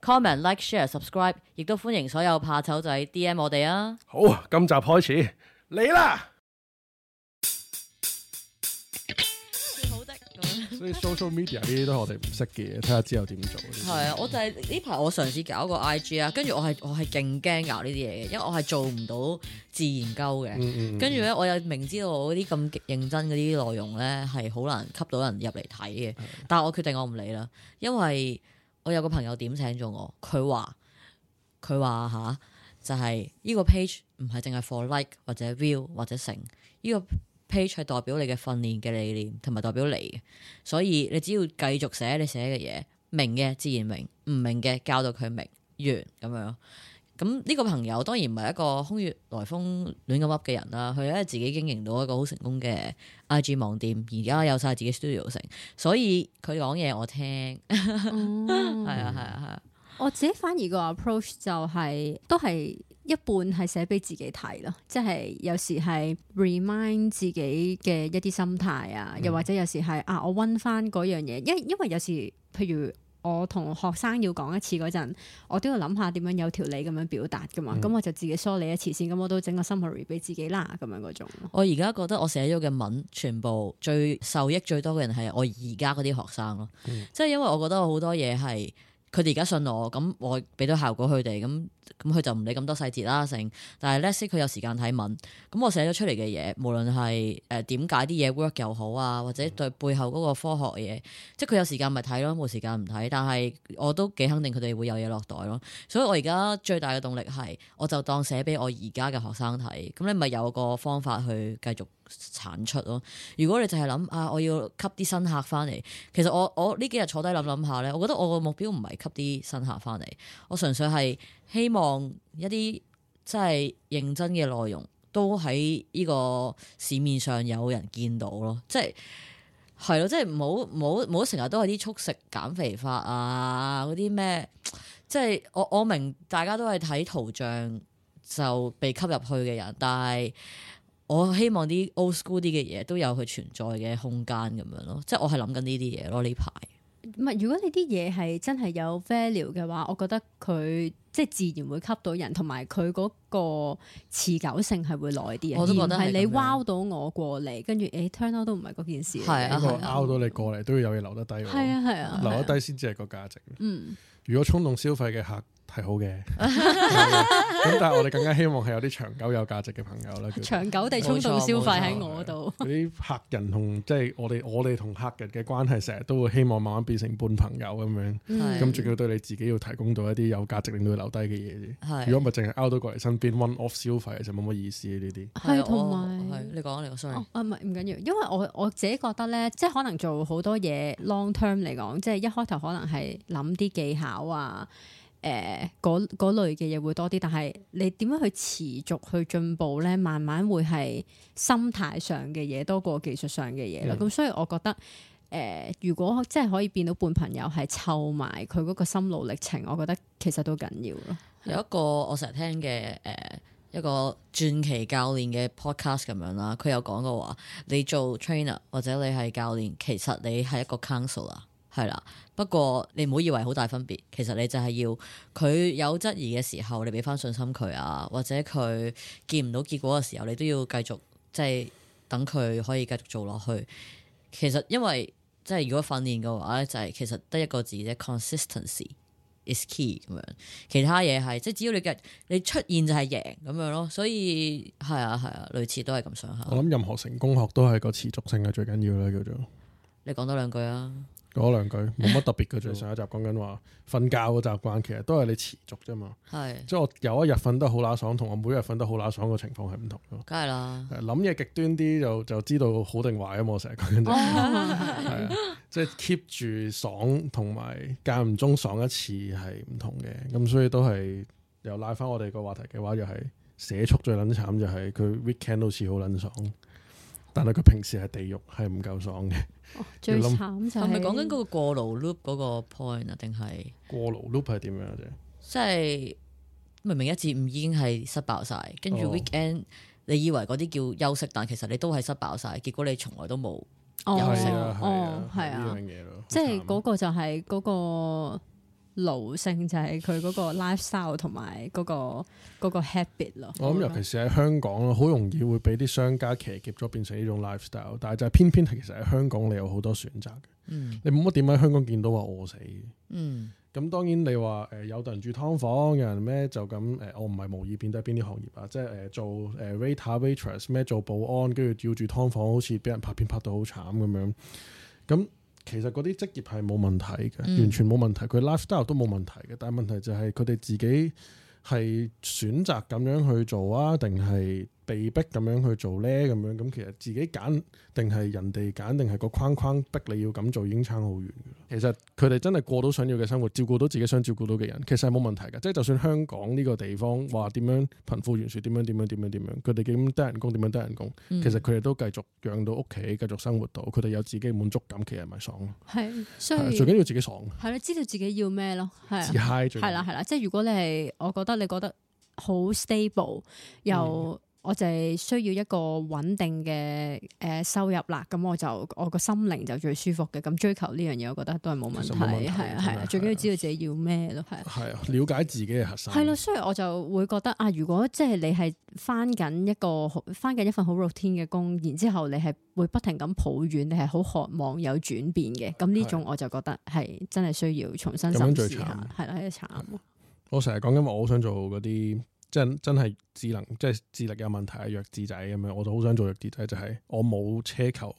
Comment like, share、Like、Share、Subscribe，亦都歡迎所有怕醜仔 DM 我哋啊！好，今集開始嚟啦！好的， 所以 Social Media 呢啲都係我哋唔識嘅嘢，睇下之後點做。係啊，我就係呢排我嘗試搞個 IG 啊，跟住我係我係勁驚搞呢啲嘢嘅，因為我係做唔到自研究嘅。跟住咧，我又明知道我啲咁認真嗰啲內容咧係好難吸到人入嚟睇嘅，嗯嗯，但我決定我唔理啦，因為。我有個朋友點醒咗我，佢話佢話吓就係呢個 page 唔係淨係 for like 或者 view 或者成呢個 page 係代表你嘅訓練嘅理念同埋代表你嘅，所以你只要繼續寫你寫嘅嘢，明嘅自然明，唔明嘅教到佢明，完咁樣。咁呢個朋友當然唔係一個空穴來風亂咁噏嘅人啦，佢咧自己經營到一個好成功嘅 IG 網店，而家有晒自己 studio 成，所以佢講嘢我聽，係啊係啊係啊！啊啊我自己反而個 approach 就係、是、都係一半係寫俾自己睇咯，即係有時係 remind 自己嘅一啲心態啊，又或者有時係啊我温翻嗰樣嘢，因因為有時譬如。我同學生要講一次嗰陣，我都要諗下點樣有條理咁樣表達噶嘛，咁、嗯、我就自己梳理一次先，咁我都整個 summary 俾自己啦，咁樣嗰種。我而家覺得我寫咗嘅文，全部最受益最多嘅人係我而家嗰啲學生咯，即係、嗯、因為我覺得好多嘢係佢哋而家信我，咁我俾到效果佢哋咁。咁佢就唔理咁多細節啦，成但係 l e 佢有時間睇文咁，我寫咗出嚟嘅嘢，無論係誒點解啲嘢 work 又好啊，或者對背後嗰個科學嘢，即係佢有時間咪睇咯，冇時間唔睇。但係我都幾肯定佢哋會有嘢落袋咯，所以我而家最大嘅動力係，我就當寫俾我而家嘅學生睇，咁你咪有個方法去繼續產出咯。如果你就係諗啊，我要吸啲新客翻嚟，其實我我呢幾日坐低諗諗下呢，我覺得我個目標唔係吸啲新客翻嚟，我純粹係。希望一啲即係認真嘅內容，都喺呢個市面上有人見到咯。即係係咯，即係唔好唔好唔好成日都係啲速食減肥法啊，嗰啲咩？即係我我明大家都係睇圖像就被吸入去嘅人，但係我希望啲 old school 啲嘅嘢都有佢存在嘅空間咁樣咯。即係我係諗緊呢啲嘢咯，呢排。唔係，如果你啲嘢係真係有 value 嘅話，我覺得佢即係自然會吸到人，同埋佢嗰個持久性係會耐啲。我覺得係你拗到我過嚟，跟住誒 turn out 都唔係嗰件事。係啊，拗到你過嚟都要有嘢留得低。係啊係啊，留得低先至係個價值。嗯，如果衝動消費嘅客。係好嘅，咁 但係我哋更加希望係有啲長久有價值嘅朋友啦。長久地衝動消費喺我度，嗰啲 客人同即係我哋，我哋同客人嘅關係，成日都會希望慢慢變成半朋友咁是樣，咁仲要對你自己要提供到一啲有價值令到佢留低嘅嘢。如果唔係淨係 out 到過嚟身邊 one off 消費就冇乜意思呢啲。係同埋，你講你個 sorry，唔係唔緊要，因為我我自己覺得咧，即係可能做好多嘢 long term 嚟講，即係一開頭可能係諗啲技巧啊。誒嗰、呃、類嘅嘢會多啲，但係你點樣去持續去進步咧？慢慢會係心態上嘅嘢多過技術上嘅嘢啦。咁、嗯嗯、所以我覺得，誒、呃、如果即係可以變到半朋友，係湊埋佢嗰個心路歷程，我覺得其實都緊要咯。有一個我成日聽嘅誒、呃、一個傳奇教練嘅 podcast 咁樣啦，佢有講過話：你做 trainer 或者你係教練，其實你係一個 counselor。係啦，不過你唔好以為好大分別，其實你就係要佢有質疑嘅時候，你俾翻信心佢啊，或者佢見唔到結果嘅時候，你都要繼續即係、就是、等佢可以繼續做落去。其實因為即係如果訓練嘅話咧，就係、是、其實得一個字啫、就是，consistency is key 咁樣。其他嘢，係即係只要你嘅你出現就係贏咁樣咯。所以係啊係啊，類似都係咁上下。我諗任何成功學都係個持續性嘅最緊要啦，叫做。你講多兩句啊！講兩句冇乜特別嘅，就 對上一集講緊話瞓覺嘅習慣，其實都係你持續啫嘛。係是，即係我有一日瞓得好乸爽，同我每日瞓得好乸爽嘅情況係唔同嘅。梗係啦，諗嘢極端啲就就知道好定壞啊。我成日講緊，係啊，即係、就是、keep 住爽同埋間唔中爽一次係唔同嘅。咁所以都係又拉翻我哋個話題嘅話，又係寫速最捻慘、就是，就係佢 weekend 好似好捻爽，但係佢平時係地獄，係唔夠爽嘅。最慘係咪講緊嗰個過勞 loop 嗰個 point 啊？定係過勞 loop 係點樣啫？即係明明一至五已經係失爆晒，跟住、哦、weekend，你以為嗰啲叫休息，但其實你都係失爆晒。結果你從來都冇休息，係、哦、啊，係啊，即係嗰個就係嗰、嗰個。勞性就係佢嗰個 lifestyle 同埋嗰個、嗰個 habit 咯。我諗、嗯、尤其是喺香港咯，好容易會俾啲商家騎劫咗，變成呢種 lifestyle。但係就係偏偏其實喺香港你有好多選擇嘅。嗯，你冇乜點喺香港見到話餓死嘅。嗯，咁當然你話誒，有啲人住劏房，有人咩就咁誒，我唔係無意貶低邊啲行業啊，即係誒做誒 waiter waitress 咩做保安，跟住要住劏房，好似俾人拍片拍到好慘咁樣。咁其實嗰啲職業係冇問題嘅，完全冇問題。佢 lifestyle 都冇問題嘅，但係問題就係佢哋自己係選擇咁樣去做啊，定係？被逼咁樣去做咧，咁樣咁其實自己揀定係人哋揀定係個框框逼你要咁做，已經差好遠噶啦。其實佢哋真係過到想要嘅生活，照顧到自己想照顧到嘅人，其實係冇問題嘅。即係就算香港呢個地方話點樣貧富懸殊，點樣點樣點樣點樣，佢哋點得人工點樣得人工，其實佢哋都繼續養到屋企，繼續生活到，佢哋有自己滿足感，其實咪爽咯。係，所以最緊要自己爽。係，知道自己要咩咯。係，自嗨最。係啦係啦，即係如果你係，我覺得你覺得好 stable 又。我就係需要一個穩定嘅誒收入啦，咁我就我個心靈就最舒服嘅，咁追求呢樣嘢，我覺得都係冇問題。係啊係啊，最緊要知道自己要咩咯，係啊，係啊，了解自己嘅核心。係咯，所以我就會覺得啊，如果即係你係翻緊一個翻緊一份好 routine 嘅工，然之後你係會不停咁抱怨，你係好渴望有轉變嘅，咁呢種我就覺得係真係需要重新審視下，係啦，係啊，慘！我成日講緊話我好想做嗰啲。即真係智能，即係智力有問題啊！弱智仔咁樣，我就好想做弱智仔，就係、係、我冇奢求，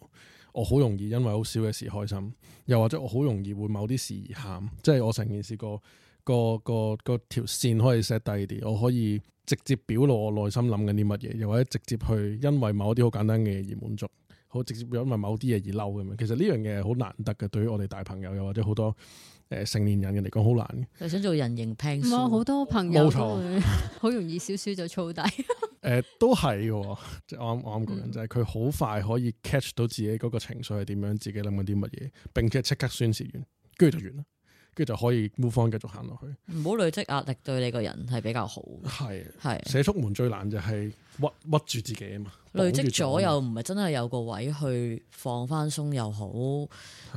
我好容易因為好少嘅事開心，又或者我好容易會某啲事而喊，即係我成件事個個個個，個條線可以 set 低啲，我可以直接表露我內心諗緊啲乜嘢，又或者直接去因為某啲好簡單嘅嘢而滿足，好直接因為某啲嘢而嬲咁樣。其實呢樣嘢好難得嘅，對於我哋大朋友又或者好多。誒成年人嘅嚟講好難嘅，就想做人形平，冇好多朋友都會好容易少少就燥底。誒，都係嘅，即係啱啱講緊就係佢好快可以 catch 到自己嗰個情緒係點樣，自己諗緊啲乜嘢，並且即刻宣泄完，跟住就完啦，跟住就可以 move on 繼續行落去。唔好累積壓力，對你個人係比較好。係，係寫出門最難就係屈屈住自己啊嘛！累積咗又唔係真係有個位去放翻鬆又好，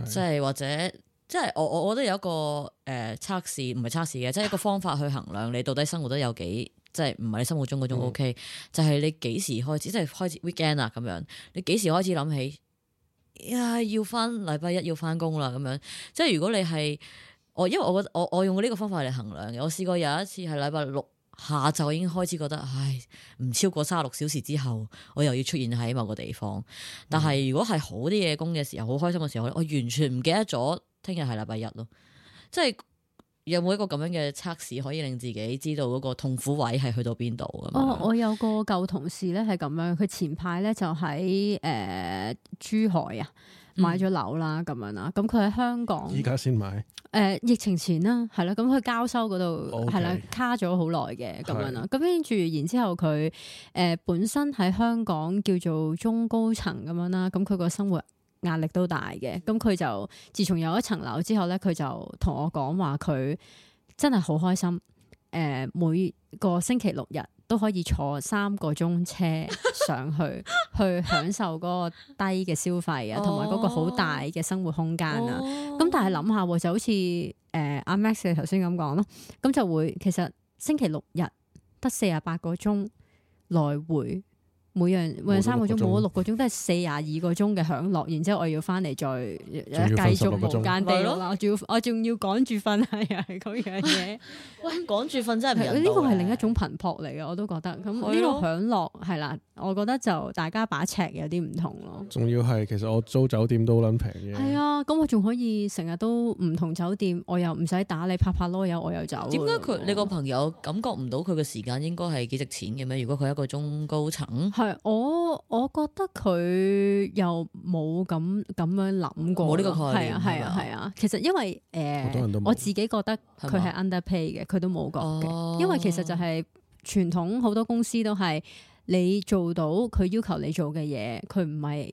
即係或者。即係我我我覺得有一個誒測試唔係測試嘅，即係一個方法去衡量你到底生活得有幾，即係唔係你生活中嗰種 OK、嗯、就係你幾時開始即係開始 weekend 啊咁樣，你幾時開始諗起要翻禮拜一要翻工啦咁樣，即係如果你係我因為我覺得我我，我用呢個方法嚟衡量嘅，我試過有一次係禮拜六下晝已經開始覺得唉，唔超過三十六小時之後，我又要出現喺某個地方，但係如果係好啲嘢工嘅時候，好開心嘅時候、嗯、我完全唔記得咗。聽日係禮拜一咯，即係有冇一個咁樣嘅測試，可以令自己知道嗰個痛苦位係去到邊度？哦，我有個舊同事咧係咁樣，佢前排咧就喺誒、呃、珠海啊買咗樓啦，咁、嗯、樣啦。咁佢喺香港，依家先買。誒、呃，疫情前啦，係啦。咁佢交收嗰度係啦卡咗好耐嘅，咁的樣啦。咁跟住，然之後佢誒、呃、本身喺香港叫做中高層咁樣啦。咁佢個生活。壓力都大嘅，咁佢就自從有一層樓之後咧，佢就同我講話佢真係好開心，誒、呃，每個星期六日都可以坐三個鐘車上去， 去享受嗰個低嘅消費啊，同埋嗰個好大嘅生活空間啊。咁、哦、但係諗下就好似誒阿 Max 你頭先咁講咯，咁就會其實星期六日得四啊八四十八個鐘來回。每樣每三個鐘，冇咗六個鐘，都係四十二個鐘嘅享樂。然之後我要翻嚟再繼續無間地咯。我仲要我仲要趕住瞓啊！又係嗰樣嘢，喂，趕住瞓真係呢個係另一種頻撲嚟嘅，我都覺得。咁呢個享樂係啦，我覺得就大家把尺有啲唔同咯。仲要係其實我租酒店都好撚平嘅。係啊，咁我仲可以成日都唔同酒店，我又唔使打理拍拍籮柚，又我又走。點解佢你個朋友感覺唔到佢嘅時間應該係幾值錢嘅咩？如果佢一個中高層？我，我覺得佢又冇咁咁樣諗過，係啊，係吧啊，係啊。其實因為誒，呃、我自己覺得佢係 underpay 嘅，佢嗎都冇覺嘅。因為其實就係傳統好多公司都係你做到佢要求你做嘅嘢，佢唔係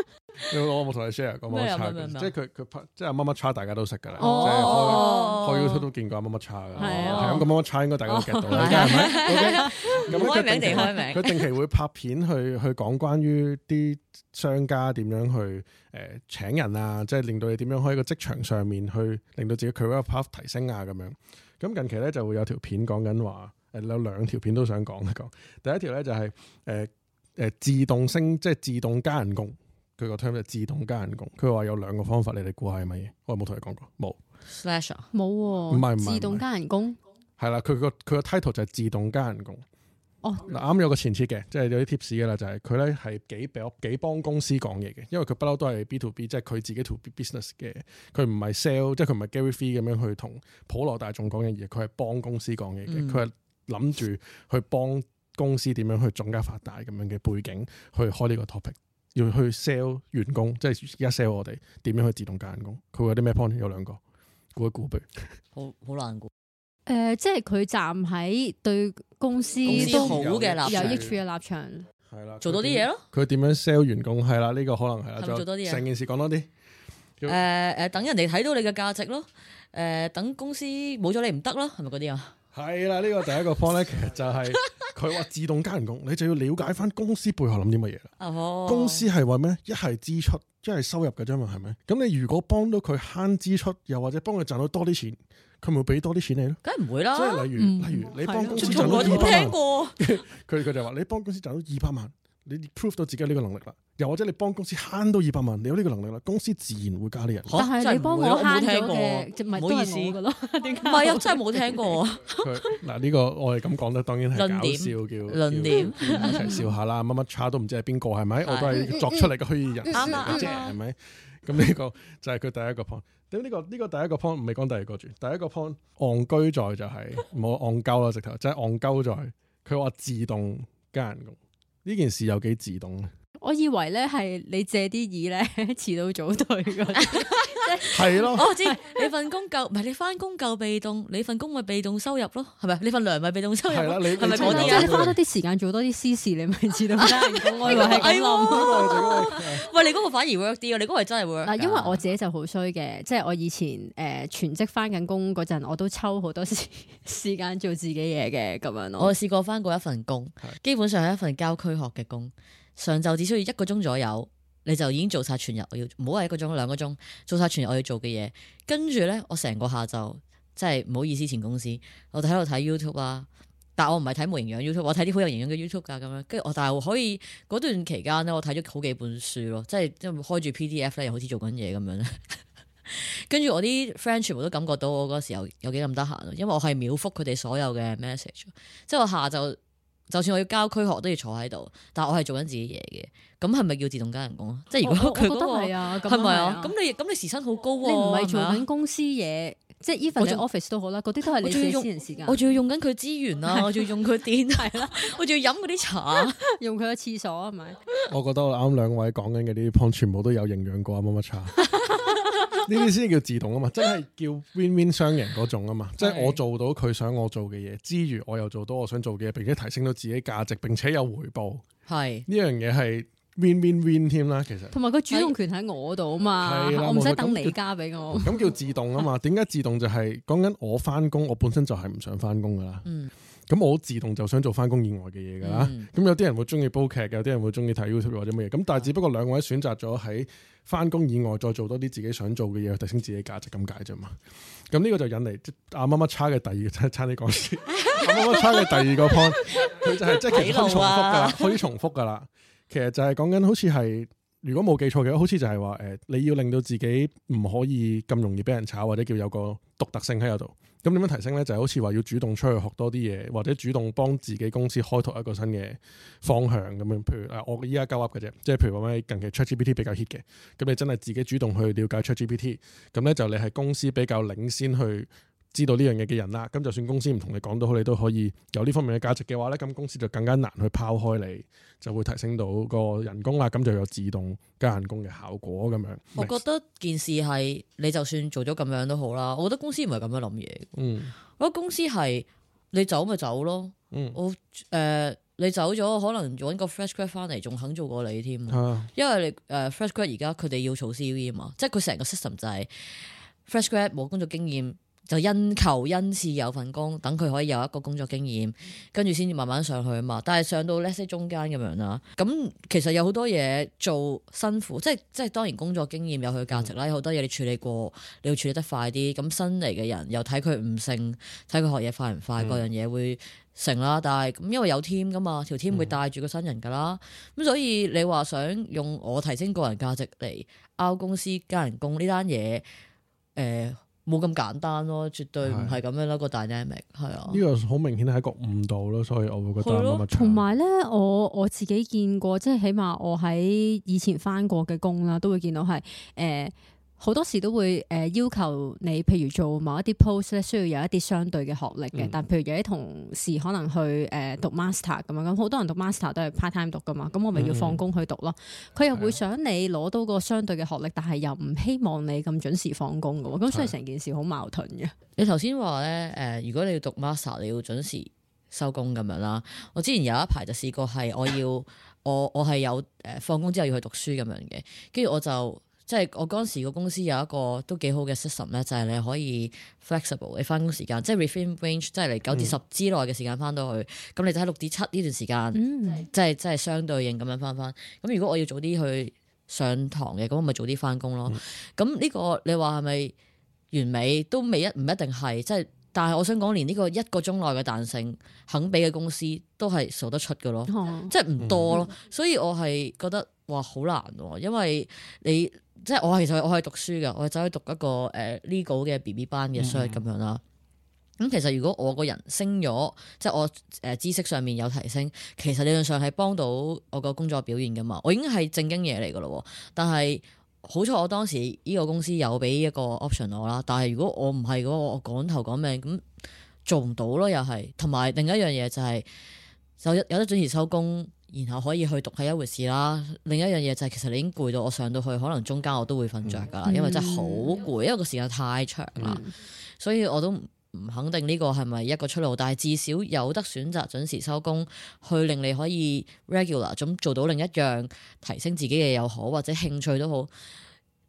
我冇同你 share 個乜乜叉，即係佢佢拍，即係乜乜叉，大家都識噶啦。開開 YouTube 都見過乜乜叉噶係咁個乜乜叉應該大家都 get 到啦，係咪？開名定開名，佢定期會拍片去去講關於啲商家點樣去誒，請人啊，即係令到你點樣開個職場上面去，令到自己 career path 提升啊，咁樣咁近期咧就會有條片講緊話誒，有兩條片都想講一講。第一條咧就係誒誒自動升，即係自動加人工。佢個 theme 就自動加人工。佢話有兩個方法，你哋估下係乜嘢？我有冇同你講過，冇。Slash 冇喎。唔係唔係，自動加人工。係啦，佢個佢個 title 就係自動加人工。哦。嗱，啱有個前設嘅，即係有啲 tips 嘅啦，就係佢咧係幾俾幾幫公司講嘢嘅，因為佢不嬲都係 B to B，即係佢自己 to business 嘅。佢唔係 sell，即係佢唔係 Gary Vee 咁樣去同普羅大眾講嘢，而佢係幫公司講嘢嘅。佢係諗住去幫公司點樣去增加發大咁樣嘅背景去開呢個 topic。要去 sell 員工，即係而家 sell 我哋點樣去自動加人工，佢會有啲咩 point？有兩個估一估，比好好難估，誒，即係佢站喺對公司都好嘅立有益處嘅立場，係啦，做到啲嘢咯。佢點樣 sell 員工？係啦，呢個可能係啦，做多啲嘢，成件事講多啲。誒誒、呃呃，等人哋睇到你嘅價值咯。誒、呃，等公司冇咗你唔得咯，係咪嗰啲啊？係啦，呢個第一個方咧，其實就係佢話自動加人工，你就要了解翻公司背後諗啲乜嘢啦。哦，公司係話咩？一係支出，一係收入嘅啫嘛，係咪？咁你如果幫到佢慳支出，又或者幫佢賺到多啲錢，佢咪會俾多啲錢你咯？梗係唔會啦。即係例如，嗯、例如你幫公司賺到二百萬。佢佢、嗯、 就話：你幫公司賺到二百萬。你 prove 到自己有呢個能力啦，又或者你幫公司慳到二百萬，你有呢個能力啦，公司自然會加啲人。但係你幫我慳咗嘅，唔好意思唔係啊，真係冇聽過。嗱，呢個我哋咁講得，當然係搞笑叫論點一齊笑下啦。乜乜叉都唔知係邊個係咪？我都係作出嚟嘅虛擬人嚟嘅啫，係咪？咁呢個就係佢第一個 point。咁呢個呢個第一個 point 唔係講第二個住，第一個 point 戇居在就係冇戇鳩啦，直頭就係戇鳩在。佢話自動加人工。呢件事有幾自動咧？我以為咧係你借啲意咧， 遲到早退。 係咯，我知你份工夠，唔係你翻工夠被動，你份工咪被動收入咯，係咪？你份糧咪被動收入咯，係咪？我啲啊，花多啲時間做多啲私事，你咪知道啦。我係咁諗，喂，你嗰個反而 work 啲嘅，你嗰個真係 w o 因為我自己就好衰嘅，即係我以前誒全職翻緊工嗰陣，我都抽好多時時間做自己嘢嘅，咁樣我試過翻過一份工，基本上係一份郊區學嘅工，上晝只需要一個鐘左右。你就已經做晒全日，我要唔好係一個鐘兩個鐘做晒全日我要做嘅嘢，跟住咧我成個下晝即係唔好意思前公司，我就喺度睇 YouTube 啦、啊。但係我唔係睇無營養 YouTube，我睇啲好有營養嘅 YouTube 㗎、啊、咁樣。跟住我但係可以嗰段期間咧，我睇咗好幾本書咯，即係即係開住 PDF 咧，又好似做緊嘢咁樣，跟住 我啲 friend 全部都感覺到我嗰時候有幾咁得閒咯，因為我係秒覆佢哋所有嘅 message。即係我下晝。就算我要郊區學都要坐喺度，但係我係做緊自己嘢嘅，咁係咪叫自動加人工啊？即係、哦、如果佢、那個，係咪啊？咁你咁你時薪好高喎，你唔係做緊公司嘢，即係依份嘅 office 都好啦，啲都係你私人時間。我仲要用緊佢資源啦，我仲要用佢電係啦，我仲要飲嗰啲茶，用佢嘅廁所係咪？我覺得我啱兩位講緊嗰啲湯全部都有營養過乜乜茶。 呢啲先叫自動啊嘛，即係叫 win win 雙贏嗰種啊嘛， 即係我做到佢想我做嘅嘢，之餘我又做到我想做嘅嘢，並且提升到自己價值並且有回報。係呢樣嘢係 win win win 添啦，其實同埋個主動權喺我度啊嘛，我唔使等你加俾我。咁叫自動啊嘛？點解自動就係、是、講緊我返工，我本身就係唔想返工噶啦。嗯咁我自動就想做返工以外嘅嘢噶啦，咁、嗯、有啲人會中意煲劇，有啲人會中意睇 YouTube 或者乜嘢，咁但係只不過兩位選擇咗喺返工以外再做多啲自己想做嘅嘢，提升自己價值咁解啫嘛。咁呢個就引嚟阿乜乜叉嘅第二叉，叉你講先。阿乜乜叉嘅第二個 point，佢 就係即係重複噶啦，可以 重複噶啦。其實就係講緊好似係。如果冇記錯嘅，好似就係話，誒、呃，你要令到自己唔可以咁容易俾人炒，或者叫有個獨特性喺度。咁點樣提升呢？就係、是、好似話要主動出去學多啲嘢，或者主動幫自己公司開拓一個新嘅方向咁樣、嗯嗯啊。譬如誒，我依家鳩噏嘅啫，即係譬如話近期 ChatGPT 比較 hit 嘅，咁你真係自己主動去了解 ChatGPT，咁呢，就你係公司比較領先去知道呢樣嘢嘅人啦，咁就算公司唔同你講都好，你都可以有呢方面嘅價值嘅話咧，咁公司就更加難去拋開你，就會提升到個人工啦，咁就有自動加人工嘅效果咁樣。我覺得件事係你就算做咗咁樣都好啦，我覺得公司唔係咁樣諗嘢。我嗯，我覺得公司係你走咪走咯。嗯、我誒、呃、你走咗，可能搵個 fresh grad 翻嚟，仲肯做過你添。啊、因為誒 fresh grad 而家佢哋要做 CV 嘛，即係佢成個 system 就係、是嗯、fresh grad 冇工作經驗。就因求因事有份工，等佢可以有一個工作經驗，跟住先至慢慢上去啊嘛。但係上到呢些中間咁樣啦，咁其實有好多嘢做辛苦，即係即係當然工作經驗有佢價值啦。好、嗯、多嘢你處理過，你要處理得快啲。咁新嚟嘅人又睇佢唔成，睇佢學嘢快唔快，各樣嘢會成啦。但係咁因為有 team 噶嘛，條 team 會帶住個新人噶啦。咁所以你話想用我提升個人價值嚟拗公司加人工呢單嘢，誒、呃。冇咁簡單咯，絕對唔係咁樣咯，個 dynamic 係啊。呢個好明顯係一個誤導咯，所以我會覺得，同埋咧，我我自己見過，即係起碼我喺以前返過嘅工啦，都會見到係誒。呃好多時都會誒要求你，譬如做某一啲 post 咧，需要有一啲相對嘅學歷嘅。嗯、但譬如有啲同事可能去誒讀 master 咁樣，咁好多人讀 master 都係 part time 讀噶嘛。咁我咪要放工去讀咯。佢、嗯、又會想你攞到個相對嘅學歷，但係又唔希望你咁準時放工嘅喎。咁所以成件事好矛盾嘅、嗯。你頭先話咧誒，如果你要讀 master，你要準時收工咁樣啦。我之前有一排就試過係我要 我我係有誒放工之後要去讀書咁樣嘅，跟住我就。即係我嗰時個公司有一個都幾好嘅 system 咧，就係、是、你可以 flexible 你返工時間，即、就、係、是、within range，即係嚟九至十之內嘅時間返到去，咁、嗯、你就喺六至七呢段時間，即係即係相對應咁樣返返。咁如果我要早啲去上堂嘅，咁我咪早啲返工咯。咁呢、嗯、個你話係咪完美？都未一唔一定係，即係。但係我想講，連呢個一個鐘內嘅彈性，肯俾嘅公司都係數得出嘅咯，哦、即係唔多咯。嗯、所以我係覺得哇，好難喎、啊，因為你即係我其實我係讀書嘅，我走去讀一個誒、uh, legal 嘅 B B 班嘅 s h 咁、嗯、樣啦。咁、嗯、其實如果我個人升咗，即係我誒、呃、知識上面有提升，其實理論上係幫到我個工作表現嘅嘛。我已經係正經嘢嚟嘅咯，但係。好彩我當時呢個公司有俾一個 option 我啦，但係如果我唔係嗰個趕頭趕命咁做唔到咯。又係同埋另一樣嘢就係就有得準時收工，然後可以去讀係一回事啦。另一樣嘢就係、是、其實你已經攰到我上到去，可能中間我都會瞓着噶啦，因為真係好攰，因為個時間太長啦，嗯、所以我都。唔肯定呢個係咪一個出路，但係至少有得選擇準時收工，去令你可以 regular 咁做到另一樣提升自己嘅又好，或者興趣都好，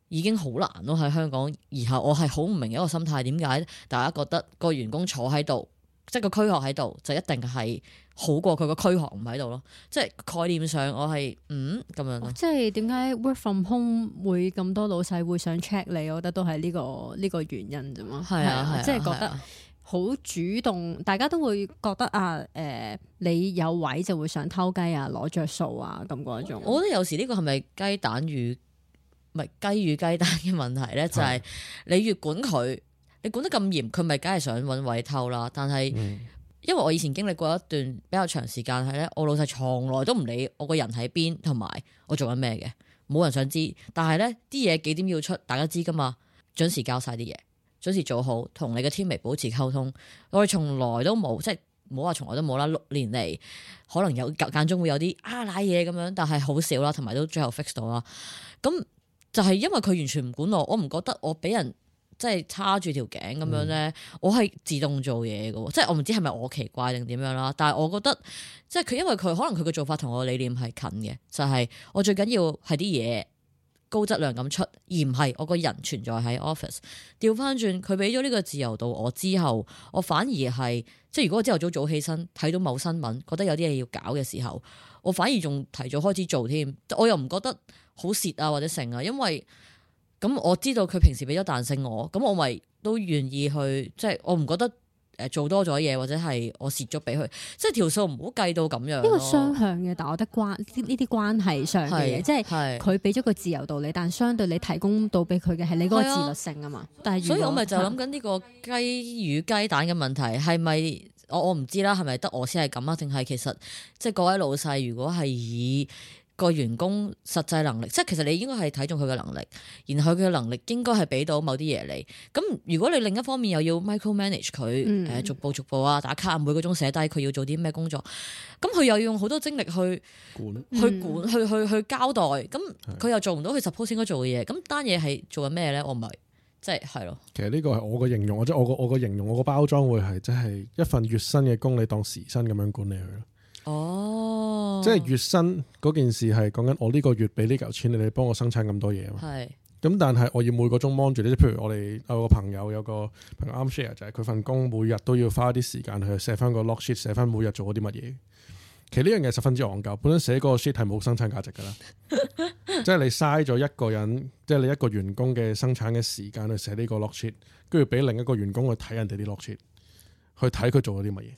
已經好難咯喺香港。然後我係好唔明一個心態，點解大家覺得個員工坐喺度？即係個區學喺度，就一定係好過佢個區學唔喺度咯。即係概念上，我係嗯咁樣。即係點解 work from home 會咁多老細會想 check 你？我覺得都係呢個呢個原因啫嘛。係啊，啊啊啊即係覺得好主動，大家都會覺得啊，誒、呃，你有位就會想偷雞啊，攞着數啊，咁嗰一種我。我覺得有時呢個係咪雞蛋與唔係雞與雞蛋嘅問題咧？啊、就係你越管佢。你管得咁嚴，佢咪梗係想揾位偷啦？但係因為我以前經歷過一段比較長時間係咧，我老細從來都唔理我個人喺邊同埋我做緊咩嘅，冇人想知。但係咧，啲嘢幾點要出，大家知噶嘛？準時交晒啲嘢，準時做好，同你嘅 teammate 保持溝通。我哋從來都冇，即係冇話從來都冇啦。六年嚟可能有間間中會有啲啊賴嘢咁樣，但係好少啦，同埋都最後 fix 到啦。咁就係因為佢完全唔管我，我唔覺得我俾人。即係叉住條頸咁樣咧，嗯、我係自動做嘢嘅，即係我唔知係咪我奇怪定點樣啦。但係我覺得，即係佢因為佢可能佢嘅做法同我理念係近嘅，就係、是、我最緊要係啲嘢高質量咁出，而唔係我個人存在喺 office。掉翻轉，佢俾咗呢個自由度我之後，我反而係即係如果我朝頭早早起身睇到某新聞，覺得有啲嘢要搞嘅時候，我反而仲提早開始做添，我又唔覺得好蝕啊或者成啊，因為。咁我知道佢平時俾咗彈性我，咁我咪都願意去，即係我唔覺得誒做多咗嘢或者係我蝕咗俾佢，即係條數唔好計到咁樣。呢個雙向嘅，但我覺得關呢啲關係上嘅嘢，即係佢俾咗個自由道理，但相對你提供到俾佢嘅係你嗰個自律性啊嘛。但係，所以我咪就諗緊呢個雞與雞蛋嘅問題係咪我我唔知啦，係咪得我先係咁啊？定係其實即係各位老細，如果係以。個員工實際能力，即係其實你應該係睇中佢嘅能力，然後佢嘅能力應該係俾到某啲嘢你。咁如果你另一方面又要 micro manage 佢，嗯、逐步逐步啊打卡，每個鐘寫低佢要做啲咩工作，咁佢又要用好多精力去管去管，嗯、去去去交代。咁佢又做唔到佢十 p e r c e 應該做嘅嘢，咁單嘢係做緊咩咧？我唔係即係係咯。其實呢個係我個形容，即係我個我個形容，我個包裝會係即係一份月薪嘅工，你當時薪咁樣管理佢咯。哦。即係月薪嗰件事係講緊我呢個月俾呢嚿錢你哋幫我生產咁多嘢啊嘛，咁是但係我要每個鐘望住你哋，即譬如我哋有個朋友有個，啱 share 就係佢份工每日都要花啲時間去寫翻個 log sheet，寫翻每日做咗啲乜嘢。其實呢樣嘢十分之戇鳩，本身寫個 sheet 係冇生產價值噶啦， 即係你嘥咗一個人，即係你一個員工嘅生產嘅時間去寫呢個 log sheet，跟住俾另一個員工去睇人哋啲 log sheet，去睇佢做咗啲乜嘢。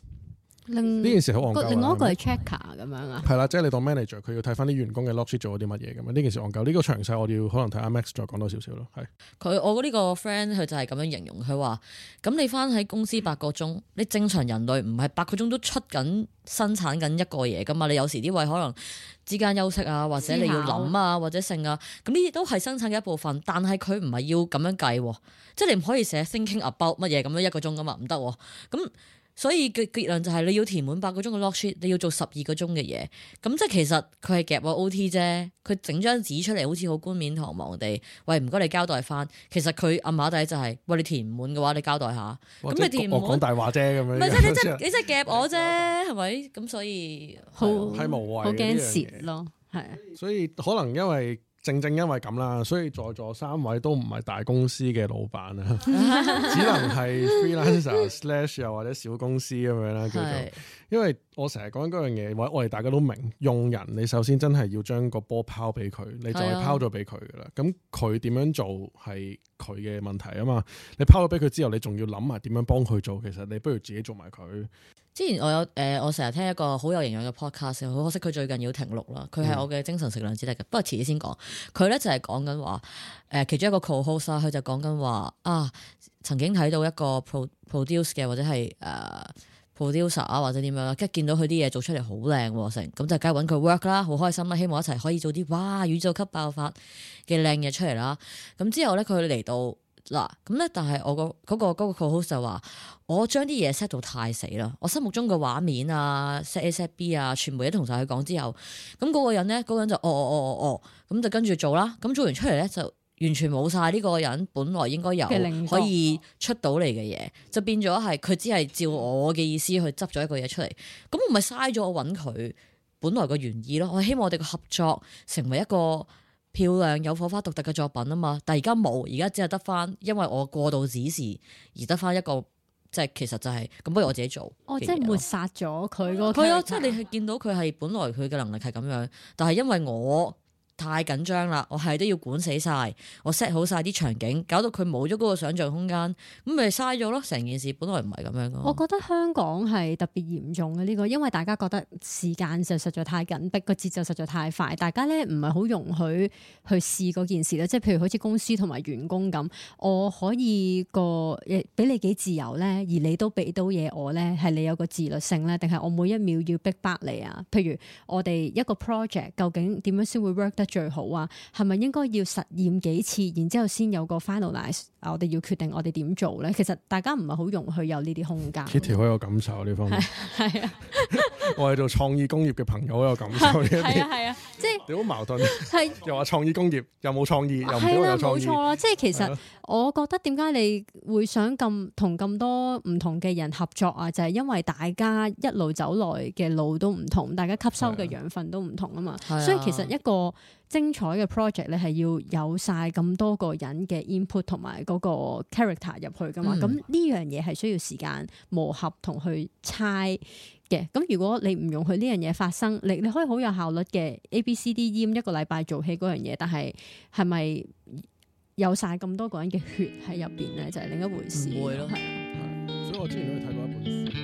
呢令件事好戇鳩。另外一個係 Tracker 咁樣啊，係啦的，即係你當 manager，佢要睇返啲員工嘅 log 書做咗啲乜嘢咁樣！呢件事戇鳩，呢、這個詳細我哋要可能睇阿 Max 再講多少少咯。係佢我嗰呢個 friend 佢就係咁樣形容佢話：咁你返喺公司八個鐘，你正常人類唔係八個鐘都出緊生產緊一個嘢㗎嘛？你有時啲位可能之間休息啊，或者你要諗啊，或者剩啊，咁呢啲都係生產嘅一部分。但係佢唔係要咁樣計，即、就、係、是、你唔可以寫 thinking about 乜嘢咁樣一個鐘噶嘛，唔得咁。所以嘅結論就係你要填滿八個鐘嘅 log sheet 你要做十二個鐘嘅嘢，咁即係其實佢係夾我 OT 啫，佢整張紙出嚟好似好冠冕堂皇地，喂唔該你交代返，其實佢暗啞底就係、是、喂你填唔滿嘅話你交代下，咁哇你填唔滿我講大話啫，咁是樣，唔係即係你即係你即係夾我啫，係咪？ 咁所以好係很吧無謂，好驚蝕咯，係所以可能因為。正正因為咁啦，所以在座三位都唔係大公司嘅老闆啊， 只能係 freelancer slash 又或者小公司咁樣啦，叫做。是因為我成日講嗰樣嘢，我我哋大家都明，用人你首先真係要將個波拋俾佢，你就係拋咗俾佢噶啦。咁佢點樣做係佢嘅問題啊嘛。你拋咗俾佢之後，你仲要諗埋點樣幫佢做。其實你不如自己做埋佢。之前我有誒、呃，我成日聽一個好有營養嘅 podcast，好可惜佢最近要停錄啦。佢係我嘅精神食糧之類嘅，嗯、不過遲啲先講。佢咧就係講緊話誒，其中一個 co-host 佢、啊、就講緊話啊，曾經睇到一個 produce 嘅或者係誒、uh, producer 啊或者點樣啦，跟住見到佢啲嘢做出嚟好靚喎，成咁就梗係揾佢 work 啦、啊，好開心啦、啊，希望一齊可以做啲哇宇宙級爆發嘅靚嘢出嚟啦。咁、嗯、之後咧佢嚟到。嗱，咁咧、那個，但係我個嗰個嗰個 course 就話，我將啲嘢 set 到太死啦，我心目中嘅畫面啊，set A set B 啊，全部都同晒佢講之後，咁、那、嗰個人咧，嗰、那個人就哦哦哦，哦、嗯，咁就跟住做啦，咁做完出嚟咧就完全冇晒呢個人本來應該有可以出到嚟嘅嘢，就變咗係佢只係照我嘅意思去執咗一個嘢出嚟，咁我咪嘥咗我搵佢本來個原意咯，我希望我哋嘅合作成為一個。漂亮有火花獨特嘅作品啊嘛，但係而家冇，而家只係得翻，因為我過度指示而得翻一個，即係其實就係、是、咁，不如我自己做。哦，即係抹殺咗佢個。係啊，即係你係見到佢係本來佢嘅能力係咁樣，但係因為我。太緊張啦！我係都要管死晒。我 set 好晒啲場景，搞到佢冇咗嗰個想像空間，咁咪嘥咗咯！成件事本來唔係咁樣噶。我覺得香港係特別嚴重嘅呢個，因為大家覺得時間就實在太緊迫，個節奏實在太快，大家咧唔係好容許去試嗰件事咧。即係譬如好似公司同埋員工咁，我可以個誒俾你幾自由咧，而你都俾到嘢我咧，係你有個自律性咧，定係我每一秒要逼迫你啊？譬如我哋一個 project 究竟點樣先會 work 最好啊，係咪應該要實驗幾次，然之後先有個 finalize 啊？我哋要決定我哋點做咧。其實大家唔係好容許有呢啲空間。Kitty 好有感受呢方面，係啊。我係做創意工業嘅朋友，好有感受呢一啲。係啊，係啊，即係你好矛盾。又話創意工業，又冇創意，又唔好有創意。冇錯啦。即係其實我覺得點解你會想咁同咁多唔同嘅人合作啊？就係因為大家一路走來嘅路都唔同，大家吸收嘅養分都唔同啊嘛。所以其實一個。精彩嘅 project 咧，係要有晒咁多個人嘅 input 同埋嗰個 character 入去噶嘛。咁呢、嗯、樣嘢係需要時間磨合同去猜嘅。咁如果你唔容許呢樣嘢發生，你你可以好有效率嘅 A、B、C、D 淹、e，一個禮拜做起嗰樣嘢，但係係咪有晒咁多個人嘅血喺入邊咧，就係、是、另一回事。會咯，係啊是。所以我之前都睇過一本書。嗯